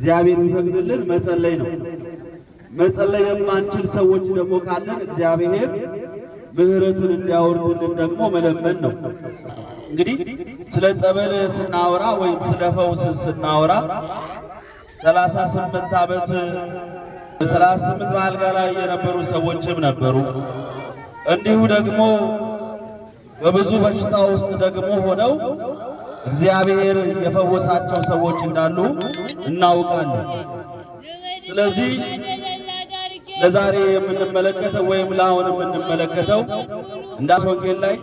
እግዚአብሔር ቢፈቅድልን መጸለይ ነው። መጸለይ የማንችል ሰዎች ደግሞ ካለን እግዚአብሔር ምሕረቱን እንዲያወርድልን ደግሞ መለመን ነው። እንግዲህ ስለ ጸበል ስናወራ ወይም ስለ ፈውስ ስናወራ ሰላሳ ስምንት ዓመት ሰላሳ ስምንት በአልጋ ላይ የነበሩ ሰዎችም ነበሩ። እንዲሁ ደግሞ በብዙ በሽታ ውስጥ ደግሞ ሆነው እግዚአብሔር የፈወሳቸው ሰዎች እንዳሉ እናውቃለን። ስለዚህ ለዛሬ የምንመለከተው ወይም ለአሁን የምንመለከተው እንዳስ ወንጌል ላይ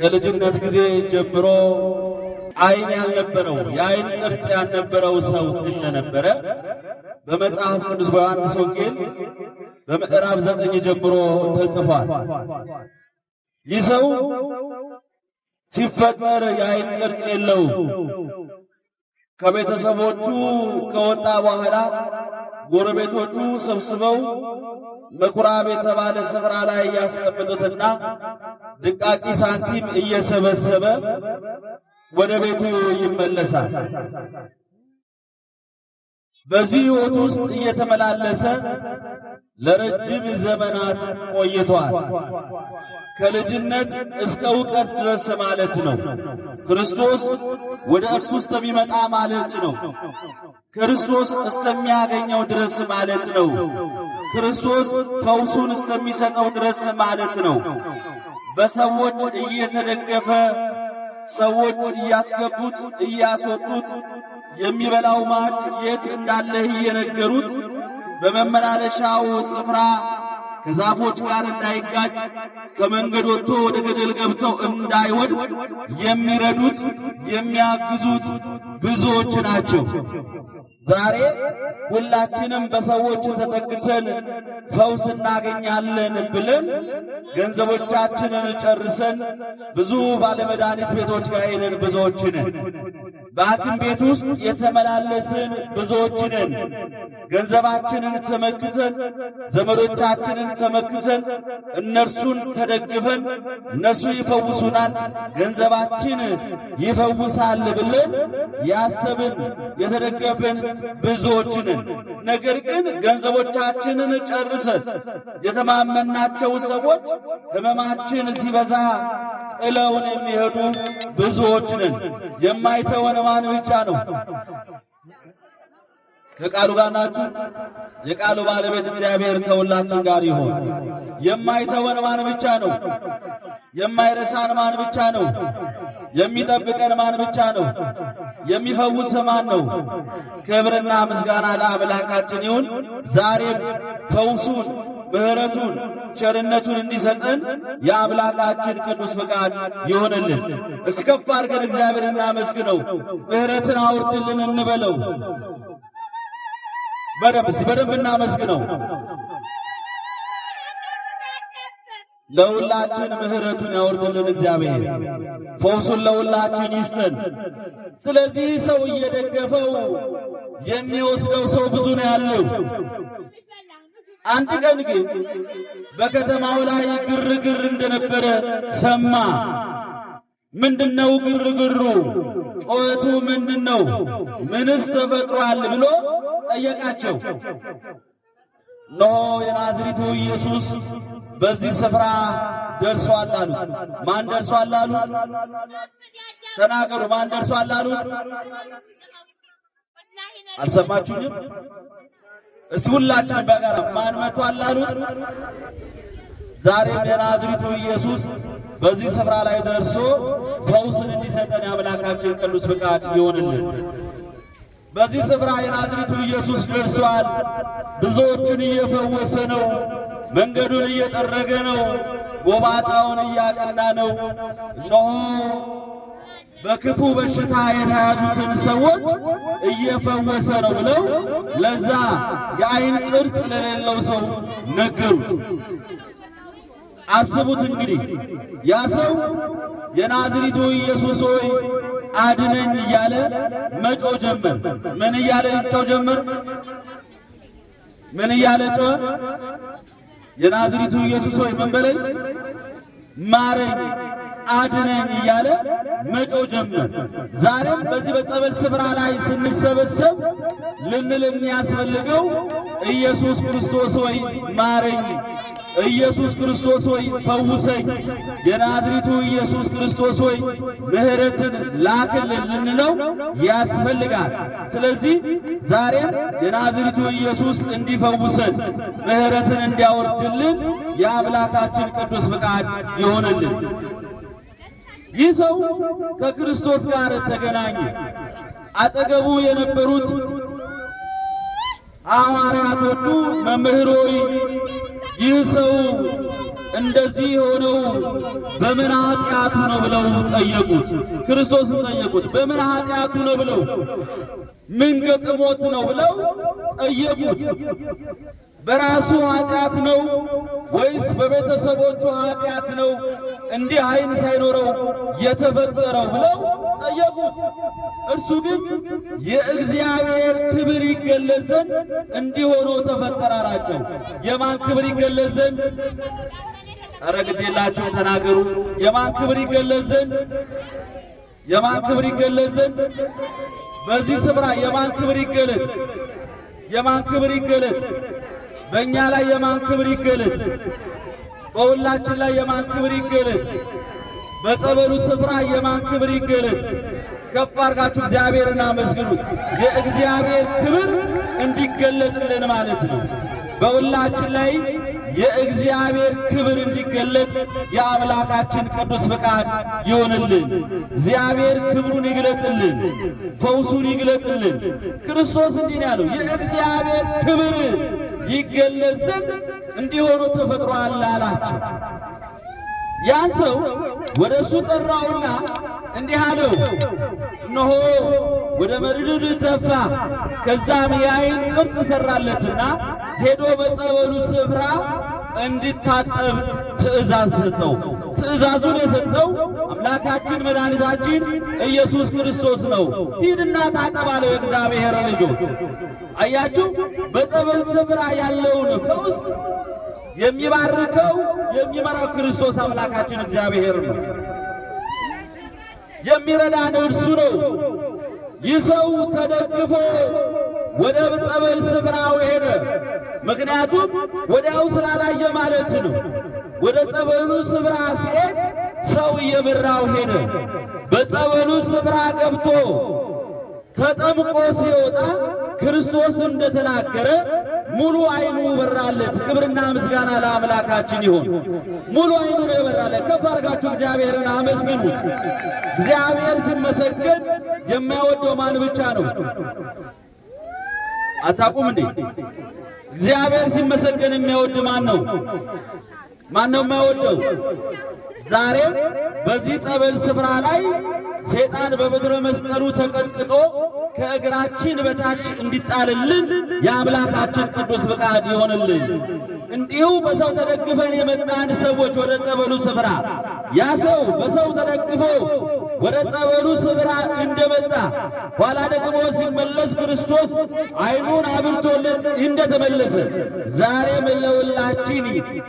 ከልጅነት ጊዜ ጀምሮ ዓይን ያልነበረው የዓይን ቅርጽ ያልነበረው ሰው እንደነበረ በመጽሐፍ ቅዱስ በዮሐንስ ወንጌል በምዕራፍ ዘጠኝ ጀምሮ ተጽፏል። ይህ ሰው ሲፈጠር የዓይን ቅርጽ የለውም። ከቤተሰቦቹ ከወጣ በኋላ ጎረቤቶቹ ሰብስበው ምኩራብ የተባለ ስፍራ ላይ ያስቀምጡትና ድቃቂ ሳንቲም እየሰበሰበ ወደ ቤቱ ይመለሳል። በዚህ ሕይወት ውስጥ እየተመላለሰ ለረጅም ዘመናት ቆይቷል። ከልጅነት እስከ እውቀት ድረስ ማለት ነው። ክርስቶስ ወደ እርሱ እስከሚመጣ ማለት ነው። ክርስቶስ እስከሚያገኘው ድረስ ማለት ነው። ክርስቶስ ፈውሱን እስከሚሰጠው ድረስ ማለት ነው። በሰዎች እየተደገፈ ሰዎች እያስገቡት እያስወጡት የሚበላው ማዕድ የት እንዳለህ እየነገሩት በመመላለሻው ስፍራ ከዛፎች ጋር እንዳይጋጭ ከመንገድ ወጥቶ ወደ ገደል ገብተው እንዳይወድ የሚረዱት የሚያግዙት ብዙዎች ናቸው። ዛሬ ሁላችንም በሰዎች ተጠግተን ፈውስ እናገኛለን ብለን ገንዘቦቻችንን ጨርሰን ብዙ ባለመድኃኒት ቤቶች ጋር ሄደን በሐኪም ቤት ውስጥ የተመላለስን ብዙዎች ገንዘባችንን ተመክተን ዘመዶቻችንን ተመክተን እነርሱን ተደግፈን እነሱ ይፈውሱናል፣ ገንዘባችን ይፈውሳል ብለን ያሰብን የተደገፍን ብዙዎችንን ነገር ግን ገንዘቦቻችንን ጨርሰን የተማመናቸው ሰዎች ሕመማችን ሲበዛ ጥለውን የሚሄዱ ብዙዎችንን የማይተወን ማን ብቻ ነው? ከቃሉ ጋር ናችሁ። የቃሉ ባለቤት እግዚአብሔር ከሁላችን ጋር ይሆን። የማይተወን ማን ብቻ ነው? የማይረሳን ማን ብቻ ነው? የሚጠብቀን ማን ብቻ ነው? የሚፈውስ ማን ነው? ክብርና ምስጋና ለአምላካችን ይሁን። ዛሬም ፈውሱን ምሕረቱን ቸርነቱን እንዲሰጠን የአምላካችን ቅዱስ ፍቃድ ይሆንልን። እስከፍ አድርገን እግዚአብሔር እናመስግነው። ምሕረትን አውርድልን እንበለው። በደንብ በደንብ እናመስግነው። ለሁላችን ምሕረቱን ያወርድልን እግዚአብሔር ፈውሱን ለሁላችን ይስጥን። ስለዚህ ሰው እየደገፈው የሚወስደው ሰው ብዙ ነው ያለው። አንድ ቀን ግን በከተማው ላይ ግርግር እንደነበረ ሰማ። ምንድነው ግርግሩ? ጩኸቱ ምንድን ነው? ምንስ ተፈጥሯል? ብሎ ጠየቃቸው። እነሆ የናዝሪቱ ኢየሱስ በዚህ ስፍራ ደርሷል አሉ። ማን ደርሷል አሉ? ተናገሩ። ማን ደርሷል አሉ? አልሰማችሁኝም? እስቲ ሁላችንም በጋራ ማን መቷል አሉ? ዛሬም የናዝሪቱ ኢየሱስ በዚህ ስፍራ ላይ ደርሶ ፈውስን እንዲሰጠን የአምላካችን ቅዱስ ፍቃድ ይሆንልን። በዚህ ስፍራ የናዝሬቱ ኢየሱስ ደርሷል። ብዙዎቹን እየፈወሰ ነው። መንገዱን እየጠረገ ነው። ጎባጣውን እያቀና ነው። እነሆ በክፉ በሽታ የተያዙትን ሰዎች እየፈወሰ ነው ብለው ለዛ የአይን ቅርጽ ለሌለው ሰው ነገሩት። አስቡት እንግዲህ ያ ሰው የናዝሪቱ ኢየሱስ ሆይ አድነኝ እያለ መጮ ጀመር። ምን እያለ ይጮ ጀመር? ምን እያለ ጮ? የናዝሪቱ ኢየሱስ ሆይ ምን በለኝ፣ ማረኝ፣ አድነኝ እያለ መጮ ጀመር። ዛሬም በዚህ በጸበል ስፍራ ላይ ስንሰበሰብ ልንል የሚያስፈልገው ኢየሱስ ክርስቶስ ሆይ ማረኝ ኢየሱስ ክርስቶስ ሆይ ፈውሰኝ፣ የናዝሪቱ ኢየሱስ ክርስቶስ ሆይ ምሕረትን ላክልን ልንለው ያስፈልጋል። ስለዚህ ዛሬም የናዝሪቱ ኢየሱስ እንዲፈውሰን ምሕረትን እንዲያወርድልን የአምላካችን ቅዱስ ፍቃድ ይሆንልን። ይህ ሰው ከክርስቶስ ጋር ተገናኘ። አጠገቡ የነበሩት ሐዋርያቶቹ መምህሮይ ይህ ሰው እንደዚህ የሆነው በምን ኃጢአቱ ነው ብለው ጠየቁት። ክርስቶስን ጠየቁት። በምን ኃጢአቱ ነው ብለው ምን ገጥሞት ነው ብለው ጠየቁት። በራሱ ኃጢአት ነው ወይስ በቤተሰቦቹ ኃጢአት ነው እንዲህ ዓይን ሳይኖረው የተፈጠረው ብለው ጠየቁት። እርሱ ግን የእግዚአብሔር ክብር ይገለጽ ዘንድ እንዲሆኖ ተፈጠረ አላቸው። የማን ክብር ይገለጽ ዘንድ? ኧረ ተናገሩ። የማን ክብር ይገለጽ ዘንድ? የማን ክብር ይገለጽ ዘንድ? በዚህ ስፍራ የማን ክብር ይገለጥ? የማን ክብር ይገለጥ? በእኛ ላይ የማን ክብር ይገለጥ? በሁላችን ላይ የማን ክብር ይገለጥ? በጸበሉ ስፍራ የማን ክብር ይገለጥ? ከፍ አድርጋችሁ እግዚአብሔርን አመስግኑት። የእግዚአብሔር ክብር እንዲገለጥልን ማለት ነው። በሁላችን ላይ የእግዚአብሔር ክብር እንዲገለጥ የአምላካችን ቅዱስ ፍቃድ ይሆንልን። እግዚአብሔር ክብሩን ይግለጥልን፣ ፈውሱን ይግለጥልን። ክርስቶስ እንዲህ ነው ያለው የእግዚአብሔር ክብር ይገለጽ ዘንድ እንዲሆኑ ተፈጥሯል አላቸው። ያን ሰው ወደ እሱ ጠራውና እንዲህ አለው፣ እነሆ ወደ መርድድ ተፋ። ከዛም የአይን ቅርጽ ሠራለትና ሄዶ በጸበሉ ስፍራ እንዲታጠብ ትእዛዝ ሰጠው። ትእዛዙን የሰጠው አምላካችን መድኃኒታችን ኢየሱስ ክርስቶስ ነው። ሂድና ታጠብ አለው የእግዚአብሔር ልጁ። አያችሁ፣ በጸበል ስፍራ ያለውን ፈውስ የሚባርከው የሚመራው ክርስቶስ አምላካችን እግዚአብሔር ነው። የሚረዳን እርሱ ነው። ይህ ሰው ተደግፎ ወደ ጸበል ስፍራው ሄደ። ምክንያቱም ወዲያው ስላላየ ማለት ነው። ወደ ጸበሉ ስብራ ሲሄድ ሰው እየበራው ሄደ። በጸበሉ ስብራ ገብቶ ተጠምቆ ሲወጣ ክርስቶስ እንደተናገረ ሙሉ አይኑ በራለት። ክብርና ምስጋና ለአምላካችን ይሁን። ሙሉ አይኑ ነው የበራለት። ከፍ አድርጋችሁ እግዚአብሔርን አመስግኑት። እግዚአብሔር ሲመሰገን የማይወደው ማን ብቻ ነው? አታቁም እንዴ? እግዚአብሔር ሲመሰገን የሚያወድ ማን ነው? ማነው የማይወደው? ዛሬ በዚህ ጸበል ስፍራ ላይ ሰይጣን በምድረ መስቀሉ ተቀጥቅጦ ከእግራችን በታች እንዲጣልልን የአምላካችን ቅዱስ ፍቃድ ይሆንልን። እንዲሁ በሰው ተደግፈን የመጣን ሰዎች ወደ ጸበሉ ስፍራ ያ ሰው በሰው ተደግፎ ወደ ጸበሉ ስፍራ እንደመጣ ኋላ ደግሞ ሲመለስ ክርስቶስ ዓይኑን አብርቶለት እንደተመለሰ ዛሬ መለውላችን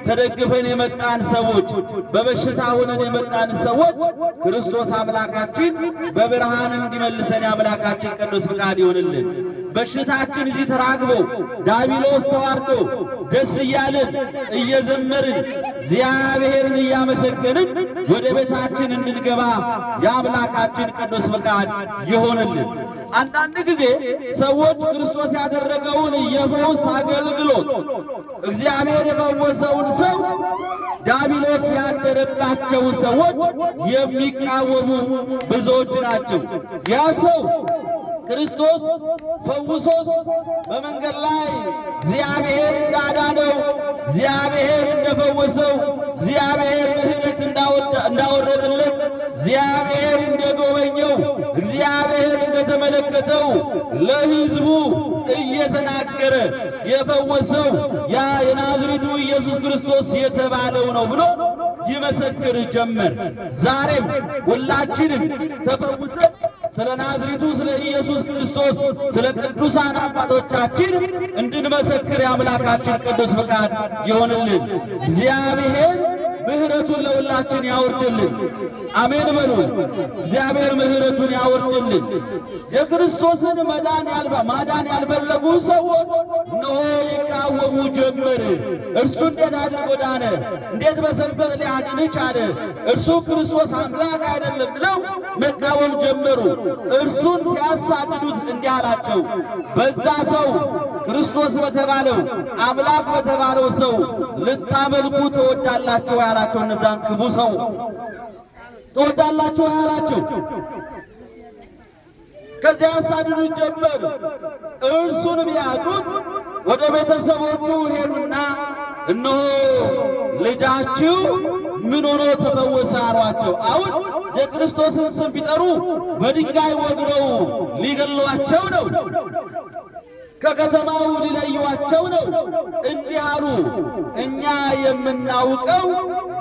ተደግፈን የመጣን ሰዎች በበሽታ ሆነን የመጣን ሰዎች ክርስቶስ አምላካችን በብርሃን እንዲመልሰን የአምላካችን ቅዱስ ፍቃድ ይሆንልን። በሽታችን እዚህ ተራግቦ ዳቢሎስ ተዋርዶ ደስ እያልን እየዘመርን እግዚአብሔርን እያመሰገንን ወደ ቤታችን እንድንገባ የአምላካችን ቅዱስ ፈቃድ ይሆንልን። አንዳንድ ጊዜ ሰዎች ክርስቶስ ያደረገውን የፈውስ አገልግሎት እግዚአብሔር የፈወሰውን ሰው ዳቢሎስ ያደረባቸውን ሰዎች የሚቃወሙ ብዙዎች ናቸው። ያ ሰው ክርስቶስ ፈውሶስ በመንገድ ላይ እግዚአብሔር እንዳዳነው እግዚአብሔር እንደፈወሰው እግዚአብሔር ምሕረት እንዳወረደለት እግዚአብሔር እንደጎበኘው እግዚአብሔር እንደተመለከተው ለሕዝቡ እየተናገረ የፈወሰው ያ የናዝሬቱ ኢየሱስ ክርስቶስ የተባለው ነው ብሎ ይመሰክር ጀመር። ዛሬም ሁላችንም ተፈውሰን ስለ ናዝሬቱ ስለ ኢየሱስ ክርስቶስ ስለ ቅዱሳን አባቶቻችን እንድንመሰክር የአምላካችን ቅዱስ ፍቃድ ይሆንልን እግዚአብሔር ምህረቱን ለሁላችን ያወርድልን። አሜን በሉ። እግዚአብሔር ምህረቱን ያወርድልን። የክርስቶስን መዳን ያልባ ማዳን ያልፈለጉ ሰዎች እነሆ ይቃወሙ ጀመር። እርሱ እንዴት አድርጎ ዳነ? እንዴት በሰንበት ሊያድን ቻለ? እርሱ ክርስቶስ አምላክ አይደለም ብለው መቃወም ጀመሩ። እርሱን ሲያሳድዱት እንዲህ አላቸው፣ በዛ ሰው ክርስቶስ በተባለው አምላክ በተባለው ሰው ልታመልኩ ትወዳላችሁ ናቸው። እነዛን ክፉ ሰው ትወዳላችሁ አላችሁ። ከዚያ ያሳድዱ ጀመር። እርሱንም ያጡት ወደ ቤተሰቦቹ ሄዱና እነሆ ልጃችሁ ምን ሆኖ ተፈወሰ አሏቸው። አሁን የክርስቶስን ስም ቢጠሩ በድንጋይ ወግረው ሊገሏቸው ነው። ከከተማው ሊለዩዋቸው ነው። እንዲህ አሉ፣ እኛ የምናውቀው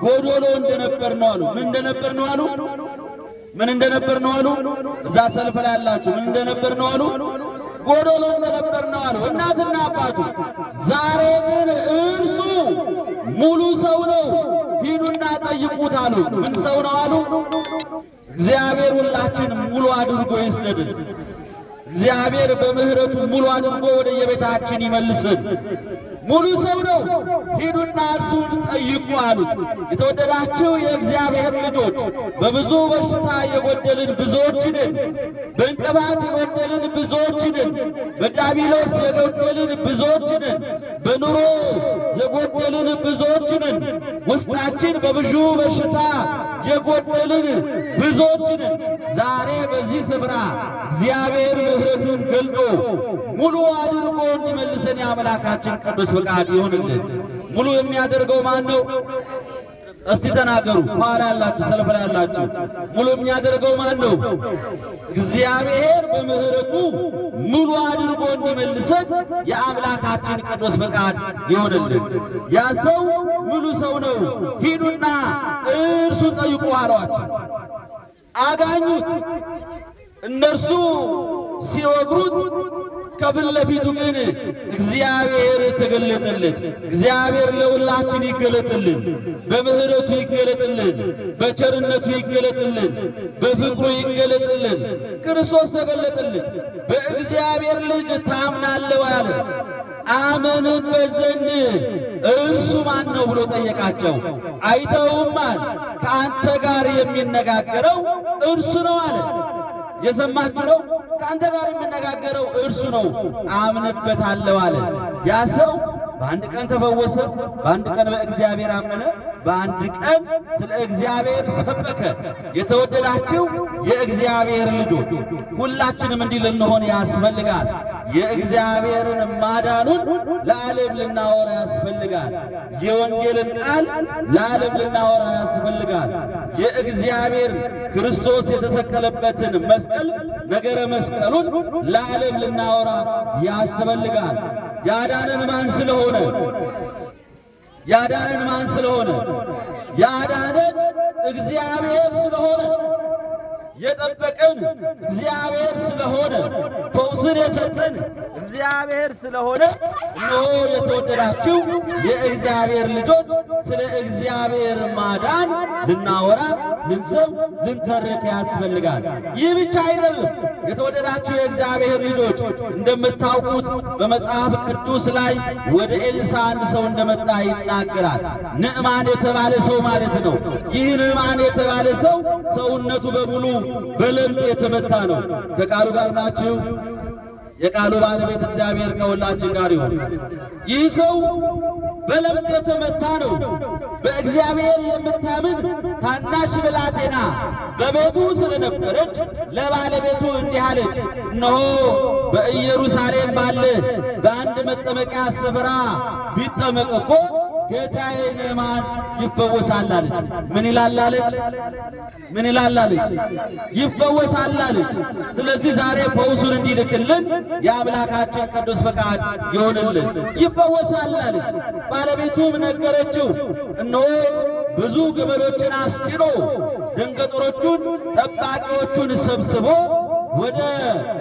ጎዶሎ እንደነበር ነው አሉ። ምን እንደነበር ነው አሉ? ምን እንደነበር ነው አሉ? እዛ ሰልፍ ላይ ያላችሁ ምን እንደነበር ነው አሉ? ጎዶሎ እንደነበር ነው አሉ። እናትና አባቱ ዛሬ ግን እርሱ ሙሉ ሰው ነው፣ ሂዱና ጠይቁት አሉ። ምን ሰው ነው አሉ? እግዚአብሔር ሁላችን ሙሉ አድርጎ ይስደድን። እግዚአብሔር በምሕረቱ ሙሉ አድርጎ ወደ የቤታችን ይመልስን። ሙሉ ሰው ነው። ሂዱና እርሱን ጠይቁ አሉት። የተወደዳችሁ የእግዚአብሔር ልጆች፣ በብዙ በሽታ የጎደልን ብዙዎች ነን። በእንቅባት የጎደልን ብዙዎች ነን። በዳቢሎስ የጎደልን ብዙዎች ነን። በኑሮ የጎደልን ብዙዎች ነን። ውስጣችን በብዙ በሽታ የጎደልን ብዙዎችን ዛሬ በዚህ ስፍራ እግዚአብሔር ምሕረቱን ገልጦ ሙሉ አድርጎ እንዲመልሰን የአምላካችን ቅዱስ ፍቃድ ይሁንልን። ሙሉ የሚያደርገው ማን ነው? እስቲ ተናገሩ። ኋላ ያላችሁ ሰልፍ ላይ ያላችሁ ሙሉ የሚያደርገው ማን ነው? እግዚአብሔር በምህረቱ ሙሉ አድርጎ እንዲመልሰን የአምላካችን ቅዱስ ፈቃድ ይሆንልን። ያ ሰው ሙሉ ሰው ነው፣ ሂዱና እርሱ ጠይቁ አሏቸው። አጋኙት እነርሱ ሲወግሩት ከፊት ለፊቱ ግን እግዚአብሔር ተገለጠለት እግዚአብሔር ለሁላችን ይገለጥልን፣ በምህረቱ ይገለጥልን፣ በቸርነቱ ይገለጥልን፣ በፍቅሩ ይገለጥልን። ክርስቶስ ተገለጠልን። በእግዚአብሔር ልጅ ታምናለው አለ። አመንበት ዘንድ እርሱ ማን ነው ብሎ ጠየቃቸው። አይተውማል፣ ከአንተ ጋር የሚነጋገረው እርሱ ነው አለ። የሰማችሁ ነው ከአንተ ጋር የምነጋገረው እርሱ ነው፣ አምንበታለሁ አለ። ያ ሰው በአንድ ቀን ተፈወሰ። በአንድ ቀን በእግዚአብሔር አመነ። በአንድ ቀን ስለ እግዚአብሔር ሰበከ። የተወደዳችሁ የእግዚአብሔር ልጆች ሁላችንም እንዲህ ልንሆን ያስፈልጋል። የእግዚአብሔርን ማዳኑን ለዓለም ልናወራ ያስፈልጋል። የወንጌልን ቃል ለዓለም ልናወራ ያስፈልጋል። የእግዚአብሔር ክርስቶስ የተሰቀለበትን መስቀል ነገረ መስቀሉን ለዓለም ልናወራ ያስፈልጋል። ያዳነን ማን ስለሆነ ያዳነን ማን ስለሆነ ያዳነን እግዚአብሔር ስለሆነ የጠበቀን እግዚአብሔር ስለሆነ ፈውስን የሰጠን እግዚአብሔር ስለሆነ እነሆ የተወደዳችሁ የእግዚአብሔር ልጆች ስለ እግዚአብሔር ማዳን ልናወራ፣ ልንሰብ፣ ልንተረክ ያስፈልጋል። ይህ ብቻ አይደለም። የተወደዳችሁ የእግዚአብሔር ልጆች እንደምታውቁት በመጽሐፍ ቅዱስ ላይ ወደ ኤልሳ አንድ ሰው እንደመጣ ይናገራል። ንዕማን የተባለ ሰው ማለት ነው። ይህ ንዕማን የተባለ ሰው ሰውነቱ በሙሉ በለምጥ የተመታ ነው። ከቃሉ ጋር ናችሁ። የቃሉ ባለቤት እግዚአብሔር ከሁላችን ጋር ይሁን። ይህ ሰው በለምጽ የተመታ ነው። በእግዚአብሔር የምታምን ታናሽ ብላቴና በቤቱ ስለነበረች ለባለቤቱ እንዲህ አለች፣ እነሆ በኢየሩሳሌም ባለ በአንድ መጠመቂያ ስፍራ ቢጠመቅ እኮ ጌታዬ ንዕማን ይፈወሳል አለች። ምን ይላል አለች? ምን ይላል አለች? ይፈወሳል አለች። ስለዚህ ዛሬ ፈውሱን እንዲልክልን የአምላካችን ቅዱስ ፈቃድ ይሆንልን። ይፈወሳል አለች። ባለቤቱም ነገረችው። እነሆ ብዙ ግመሎችን አስጭኖ ደንገጡሮቹን ጠባቂዎቹን ሰብስቦ ወደ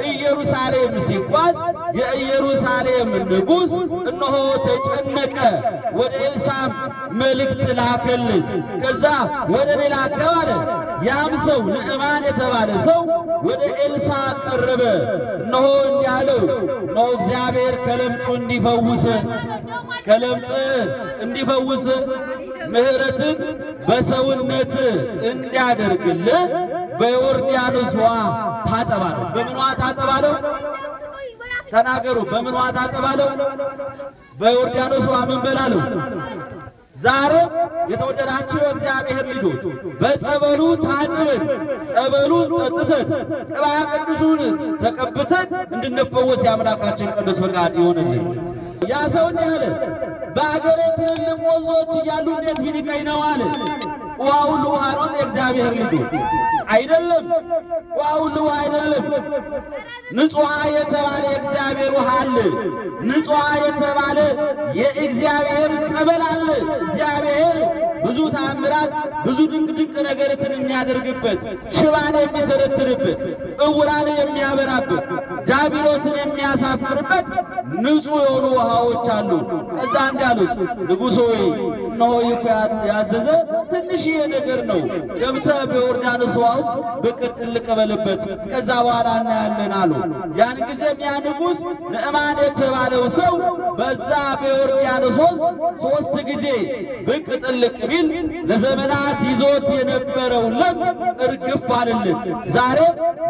ኢየሩሳሌም ሲጓዝ የኢየሩሳሌም ንጉሥ እነሆ ተጨነቀ። ወደ ኤልሳም መልእክት ላከልት። ከዛ ወደ ሌላ አለ። ያም ሰው ንዕማን የተባለ ሰው ወደ ኤልሳ ቀረበ። እነሆ እንዲያለው እነሆ እግዚአብሔር ከለምጡ እንዲፈውስ ከለምጥ እንዲፈውስ ምሕረትን በሰውነት እንዲያደርግልህ በዮርዳኖስ ውሃ ታጠባለሁ። በምን ውሃ ታጠባለሁ? ተናገሩ። በምን ውሃ ታጠባለሁ? በዮርዳኖስ ውሃ ምን በላለሁ? ዛሬ የተወደዳችሁ እግዚአብሔር ልጆች በጸበሉ ታጥበን ጸበሉ ጠጥተን ቅባ ቅዱሱን ተቀብተን እንድንፈወስ የአምላካችን ቅዱስ ፈቃድ ይሆንልን። ያ ሰው እንዲህ አለ፣ በአገሬ ትልልቅ ወንዞች እያሉ እንዴት ቢንቀኝ ነው አለ ውሃውን ውሃቱን የእግዚአብሔር ልጁ አይደለም። ውሃውን ውሃ አይደለም። ንጹሐ የተባለ የእግዚአብሔር ውሃ አለ። ንጹሐ የተባለ የእግዚአብሔር ጸበል አለ። እግዚአብሔር ብዙ ታምራት፣ ብዙ ድንቅ ድንቅ ነገርን የሚያደርግበት፣ ሽባን የሚተረትርበት፣ እውራን የሚያበራበት፣ ዳቢሎስን የሚያሳፍርበት ንጹሕ የሆኑ ውሃዎች አሉ። እዛ እንዳሉት ንጉሥ ሆይ እነሆ ያዘዘ ትንሽዬ ነገር ነው። ገብተህ በዮርዳኖስ ውሃ ውስጥ ብቅ ጥልቅ ከዛ በኋላ እናያለን አሉ። ያን ጊዜም ያ ንጉሥ ንዕማን የተባለው ሰው በዛ በዮርዳኖስ ውስጥ ሦስት ጊዜ ብቅ ጥልቅ ቢል ለዘመናት ይዞት የነበረው ለት እርግፍ አለልን። ዛሬ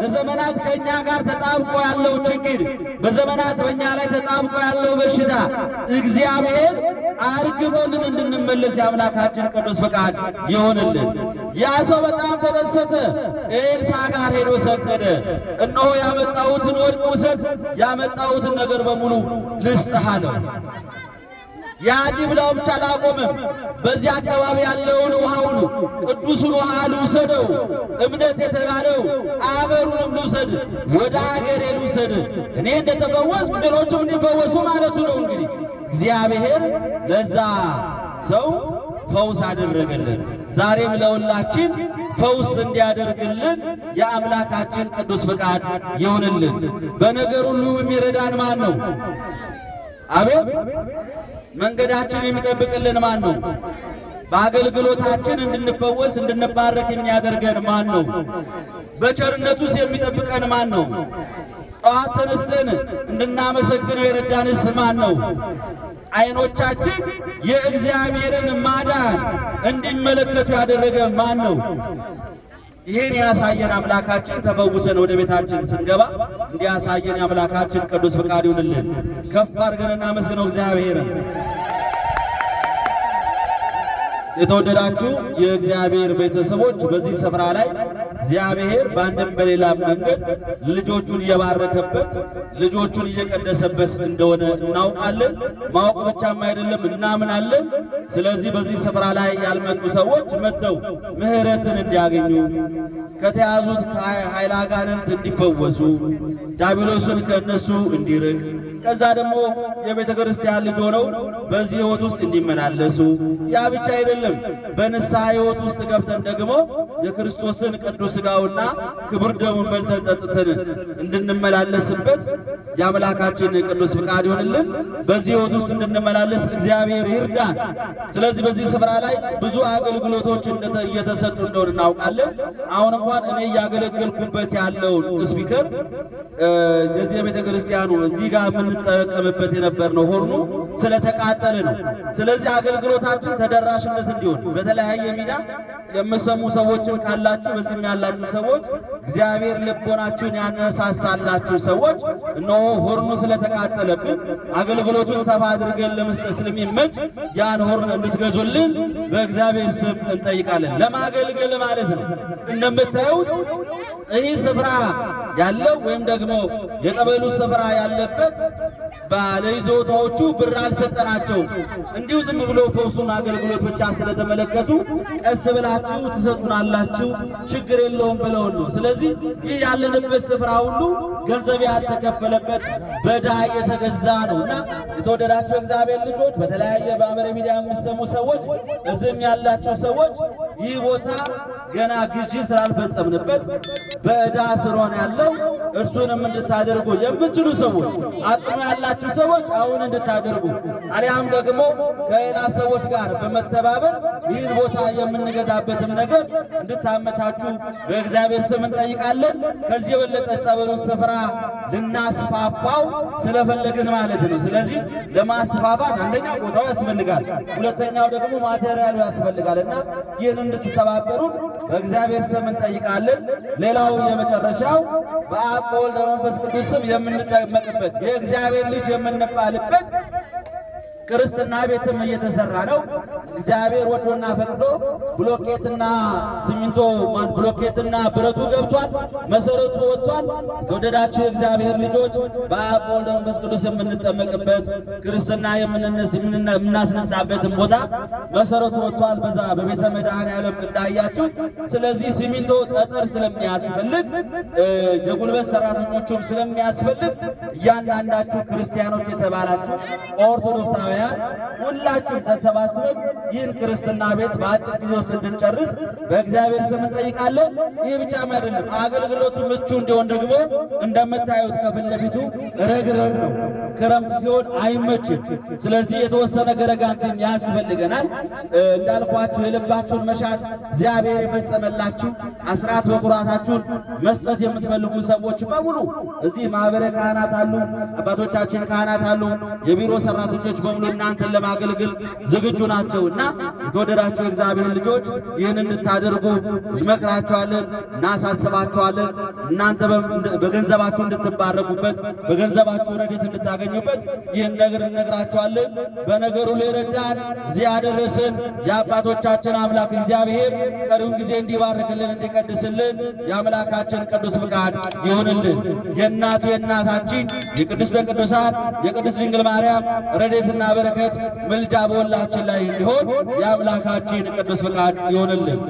ለዘመናት ከእኛ ጋር ተጣብቆ ያለው ችግር፣ በዘመናት በእኛ ላይ ተጣብቆ ያለው በሽታ እግዚአብሔር አርግቦልን እንድንመለ ይሁንልን የአምላካችን ቅዱስ ፈቃድ ይሁንልን። ያ ሰው በጣም ተደሰተ። ኤልሳ ጋር ሄዶ ሰገደ። እነሆ ያመጣሁትን ወርቅ ውሰድ፣ ያመጣሁትን ነገር በሙሉ ልስጥህ አለው። ያዲ ብላው ብቻ አላቆምም። በዚህ አካባቢ ያለውን ውሃ ሁሉ ቅዱሱን ውሃ ልውሰደው፣ እምነት የተባለው አበሩንም ልውሰድ፣ ወደ አገሬ ልውሰድ። እኔ እንደተፈወስኩ ሌሎቹም እንዲፈወሱ ማለቱ ነው። እንግዲህ እግዚአብሔር ለዛ ሰው ፈውስ አደረገልን። ዛሬም ለሁላችን ፈውስ እንዲያደርግልን የአምላካችን ቅዱስ ፍቃድ ይሁንልን። በነገር ሁሉ የሚረዳን ማን ነው? አቤት መንገዳችን የሚጠብቅልን ማን ነው? በአገልግሎታችን እንድንፈወስ እንድንባረክ የሚያደርገን ማን ነው? በቸርነት ውስጥ የሚጠብቀን ማን ነው? ጠዋት ተነስተን እንድናመሰግነው የረዳንስ ማን ነው? አይኖቻችን የእግዚአብሔርን ማዳን እንዲመለከቱ ያደረገ ማን ነው? ይህን ያሳየን አምላካችን ተፈውሰን ወደ ቤታችን ስንገባ እንዲያሳየን የአምላካችን ቅዱስ ፍቃድ ይሁንልን። ከፍ አድርገን እናመስግነው እግዚአብሔርን። የተወደዳችሁ የእግዚአብሔር ቤተሰቦች በዚህ ስፍራ ላይ እግዚአብሔር በአንድም በሌላ መንገድ ልጆቹን እየባረከበት ልጆቹን እየቀደሰበት እንደሆነ እናውቃለን። ማወቅ ብቻም አይደለም እናምናለን። ስለዚህ በዚህ ስፍራ ላይ ያልመጡ ሰዎች መጥተው ምሕረትን እንዲያገኙ ከተያዙት ከኃይለ አጋንንት እንዲፈወሱ ዲያብሎስን ከእነሱ እንዲርቅ ከዛ ደግሞ የቤተ ክርስቲያን ልጅ ሆነው በዚህ ህይወት ውስጥ እንዲመላለሱ። ያ ብቻ አይደለም፣ በንስሐ ህይወት ውስጥ ገብተን ደግሞ የክርስቶስን ቅዱስ ሥጋውና ክቡር ደሙን በልተን ጠጥተን እንድንመላለስበት የአምላካችን ቅዱስ ፍቃድ ይሆንልን። በዚህ ህይወት ውስጥ እንድንመላለስ እግዚአብሔር ይርዳን። ስለዚህ በዚህ ስፍራ ላይ ብዙ አገልግሎቶች እየተሰጡ እንደሆነ እናውቃለን። አሁን እንኳን እኔ እያገለገልኩበት ያለውን ስፒከር የዚህ የቤተ ክርስቲያኑ እዚህ ጋር የነበር ነው። ሆርኑ ስለተቃጠለ ነው። ስለዚህ አገልግሎታችን ተደራሽነት እንዲሆን በተለያየ ሚዲያ የምሰሙ ሰዎችን ካላችሁ በዚህም ያላችሁ ሰዎች እግዚአብሔር ልቦናችሁን ያነሳሳላችሁ ሰዎች እነሆ ሆርኑ ስለተቃጠለብን አገልግሎቱን ሰፋ አድርገን ለመስጠት ስለሚመች ያን ሆርን እንድትገዙልን በእግዚአብሔር ስም እንጠይቃለን። ለማገልገል ማለት ነው። እንደምታዩት ይህ ስፍራ ያለው ወይም ደግሞ የቀበሉ ስፍራ ያለበት ባለይዞታዎቹ ብር አልሰጠናቸው። እንዲሁ ዝም ብሎ ፈውሱን አገልግሎት ብቻ ስለተመለከቱ ቀስ ብላችሁ ትሰጡናላችሁ ችግር የለውም ብለው ነው። ስለዚህ ይህ ያለንበት ስፍራ ሁሉ ገንዘብ ያልተከፈለበት በዳ የተገዛ ነው እና የተወደዳቸው እግዚአብሔር ልጆች፣ በተለያየ በማህበራዊ ሚዲያ የሚሰሙ ሰዎች፣ እዚህም ያላቸው ሰዎች ይህ ቦታ ገና ግዢ ስላልፈጸምንበት በዕዳ ስሮን ያለው እርሱንም እንድታደርጉ የምችሉ ሰዎች አቅም ያላችሁ ሰዎች አሁን እንድታደርጉ አሊያም ደግሞ ከሌላ ሰዎች ጋር በመተባበር ይህን ቦታ የምንገዛበትም ነገር እንድታመቻችሁ በእግዚአብሔር ስም እንጠይቃለን። ከዚህ የበለጠ ጸበሉን ስፍራ ልናስፋፋው ስለፈለግን ማለት ነው። ስለዚህ ለማስፋፋት አንደኛ ቦታው ያስፈልጋል፣ ሁለተኛው ደግሞ ማቴሪያሉ ያስፈልጋል እና ይህንን እንድትተባበሩን በእግዚአብሔር ስም እንጠይቃለን። ሌላው የመጨረሻው በአብ በወልድ በመንፈስ ቅዱስ ስም የምንጠመቅበት የእግዚአብሔር ልጅ የምንባልበት ክርስትና ቤትም እየተሰራ ነው። እግዚአብሔር ወዶና ፈቅዶ ብሎኬትና ሲሚንቶ ብሎኬትና ብረቱ ገብቷል፣ መሰረቱ ወጥቷል። ተወደዳችሁ እግዚአብሔር ልጆች በአብ ወልድ መንፈስ ቅዱስ የምንጠመቅበት ክርስትና የምናስነሳበትን ቦታ መሰረቱ ወጥቷል። በዛ በቤተ መድኃኔዓለም እንዳያችሁ። ስለዚህ ሲሚንቶ ጠጠር ስለሚያስፈልግ የጉልበት ሰራተኞቹም ስለሚያስፈልግ እያንዳንዳችሁ ክርስቲያኖች የተባላችሁ ኦርቶዶክሳውያን ክርስቲያውያን ሁላችን ተሰባስበን ይህን ክርስትና ቤት በአጭር ጊዜ ውስጥ እንድንጨርስ በእግዚአብሔር ስም እንጠይቃለን። ይህ ብቻም አይደለም፣ አገልግሎቱ ምቹ እንዲሆን ደግሞ እንደምታዩት ከፊት ለፊቱ ረግረግ ነው። ክረምት ሲሆን አይመችም። ስለዚህ የተወሰነ ገረጋንትም ያስፈልገናል። እንዳልኳችሁ የልባችሁን መሻት እግዚአብሔር የፈጸመላችሁ አስራት በኩራታችሁን መስጠት የምትፈልጉ ሰዎች በሙሉ እዚህ ማኅበረ ካህናት አሉ፣ አባቶቻችን ካህናት አሉ፣ የቢሮ ሰራተኞች በሙሉ ሁሉ እናንተን ለማገልገል ዝግጁ ናቸውና የተወደዳቸው የእግዚአብሔር ልጆች ይህን እንድታደርጉ እንመክራቸዋለን፣ እናሳስባቸዋለን። እናንተ በገንዘባችሁ እንድትባረኩበት፣ በገንዘባችሁ ረድኤት እንድታገኙበት ይህን ነገር እንነግራቸዋለን። በነገሩ ሊረዳን እዚህ ያደረስን የአባቶቻችን አምላክ እግዚአብሔር ቀሪውን ጊዜ እንዲባርክልን እንዲቀድስልን የአምላካችን ቅዱስ ፍቃድ ይሁንልን። የእናቱ የእናታችን የቅድስተ ቅዱሳን የቅድስት ድንግል ማርያም ረድኤትና በረከት ምልጃ በሁላችን ላይ እንዲሆን የአምላካችን ቅዱስ ፍቃድ ይሆንልን።